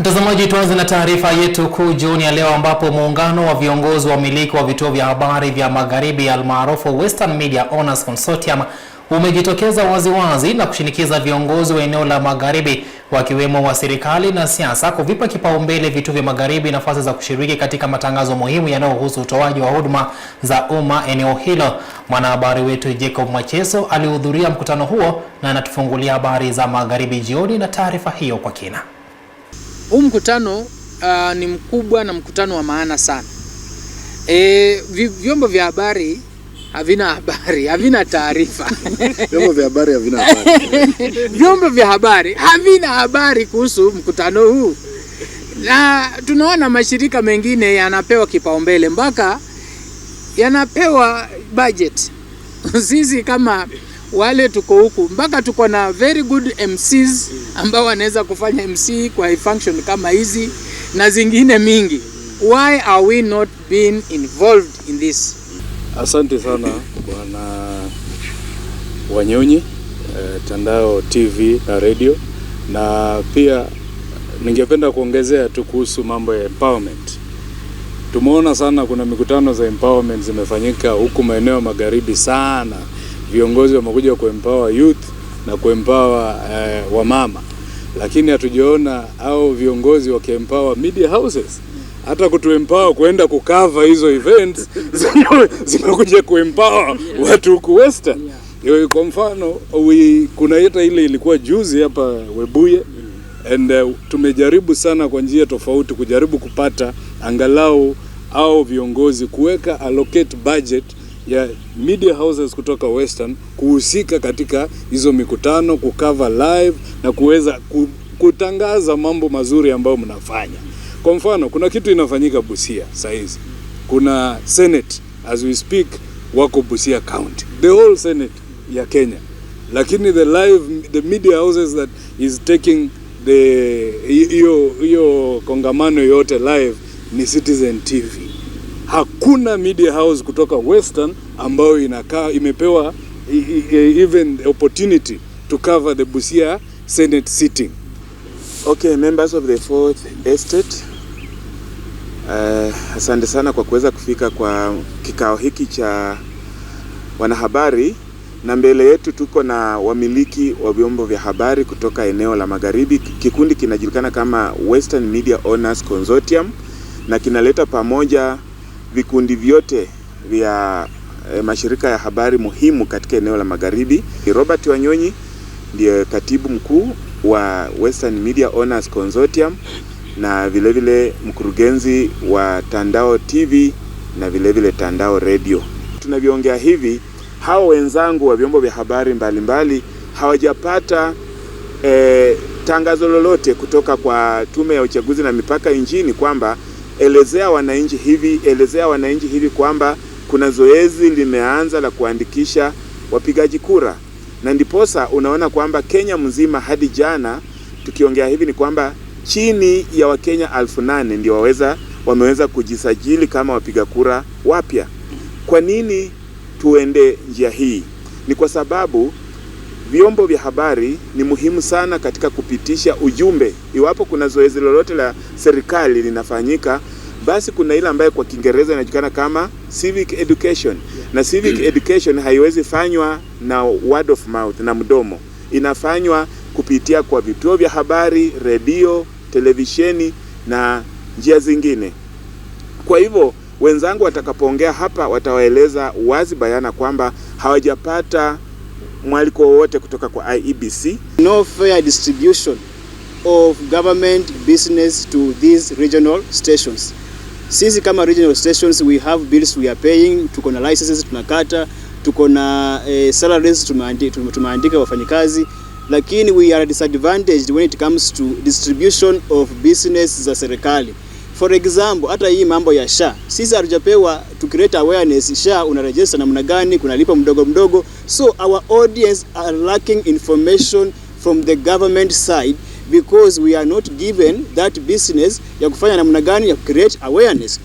Mtazamaji, tuanze na taarifa yetu kuu jioni ya leo, ambapo muungano wa viongozi wa umiliki wa vituo vya habari vya magharibi almaarufu Western Media Owners Consortium umejitokeza waziwazi wazi na kushinikiza viongozi wa eneo la magharibi wakiwemo wa serikali na siasa kuvipa kipaumbele vituo vya magharibi nafasi za kushiriki katika matangazo muhimu yanayohusu utoaji wa huduma za umma eneo hilo. Mwanahabari wetu Jacob macheso alihudhuria mkutano huo na anatufungulia habari za magharibi jioni na taarifa hiyo kwa kina. Huu mkutano uh, ni mkubwa na mkutano wa maana sana. E, vyombo vya habari havina habari, havina taarifa. Vyombo vya habari havina habari. Vyombo vya habari havina habari kuhusu mkutano huu, na tunaona mashirika mengine yanapewa kipaumbele mpaka yanapewa budget. Sisi kama wale tuko huku mpaka tuko na very good MCs ambao wanaweza kufanya MC kwa function kama hizi na zingine mingi. Why are we not being involved in this? Asante sana bwana Wanyonyi, eh, Tandao TV na radio, na pia ningependa kuongezea tu kuhusu mambo ya empowerment. Tumeona sana kuna mikutano za empowerment zimefanyika huku maeneo magharibi sana viongozi wamekuja kuempower youth na kuempower eh, wamama, lakini hatujaona au viongozi wakiempower media houses hata kutuempower kuenda kukava hizo events zimekuja kuempower watu huku Western. Kwa mfano kuna hata ile ilikuwa juzi hapa Webuye and uh, tumejaribu sana kwa njia tofauti kujaribu kupata angalau au viongozi kuweka allocate budget ya media houses kutoka Western kuhusika katika hizo mikutano, kukava live na kuweza kutangaza mambo mazuri ambayo mnafanya. Kwa mfano, kuna kitu inafanyika Busia saa hizi, kuna senate as we speak wako Busia County, the whole senate ya Kenya, lakini the live the media houses that is taking the hiyo hiyo kongamano yote live ni Citizen TV hakuna media house kutoka Western ambayo inakaa imepewa even opportunity to cover the Busia Senate sitting. Okay, members of the fourth estate. Uh, asante sana kwa kuweza kufika kwa kikao hiki cha wanahabari na mbele yetu tuko na wamiliki wa vyombo vya habari kutoka eneo la Magharibi. Kikundi kinajulikana kama Western Media Owners Consortium na kinaleta pamoja vikundi vyote vya e, mashirika ya habari muhimu katika eneo la magharibi. Robert Wanyonyi ndiye katibu mkuu wa Western Media Owners Consortium na vilevile vile mkurugenzi wa Tandao TV na vilevile vile Tandao Radio. Tunavyoongea hivi, hao wenzangu wa vyombo vya habari mbalimbali hawajapata e, tangazo lolote kutoka kwa Tume ya Uchaguzi na Mipaka nchini kwamba elezea wananchi hivi, elezea wananchi hivi kwamba kuna zoezi limeanza la kuandikisha wapigaji kura, na ndiposa unaona kwamba Kenya mzima hadi jana tukiongea hivi ni kwamba chini ya Wakenya elfu nane ndio waweza wameweza kujisajili kama wapiga kura wapya. Kwa nini tuende njia hii? Ni kwa sababu vyombo vya habari ni muhimu sana katika kupitisha ujumbe. Iwapo kuna zoezi lolote la serikali linafanyika, basi kuna ile ambayo kwa Kiingereza inajulikana kama civic education, na civic mm. education haiwezi fanywa na word of mouth, na mdomo, inafanywa kupitia kwa vituo vya habari, redio, televisheni na njia zingine. Kwa hivyo wenzangu watakapoongea hapa, watawaeleza wazi bayana kwamba hawajapata mwaliko wowote kutoka kwa IEBC. No fair distribution of government business to these regional stations. Sisi kama regional stations we have bills we are paying, tuko na licenses tunakata, tuko na eh, salaries tumeandika wafanyikazi, lakini we are disadvantaged when it comes to distribution of business za serikali. For example, hata hii mambo ya SHA sisi hatujapewa, tukileta awareness, SHA unaregister namna gani, kunalipa mdogo mdogo So our audience are lacking information from the government side because we are not given that business ya kufanya namna gani ya create awareness.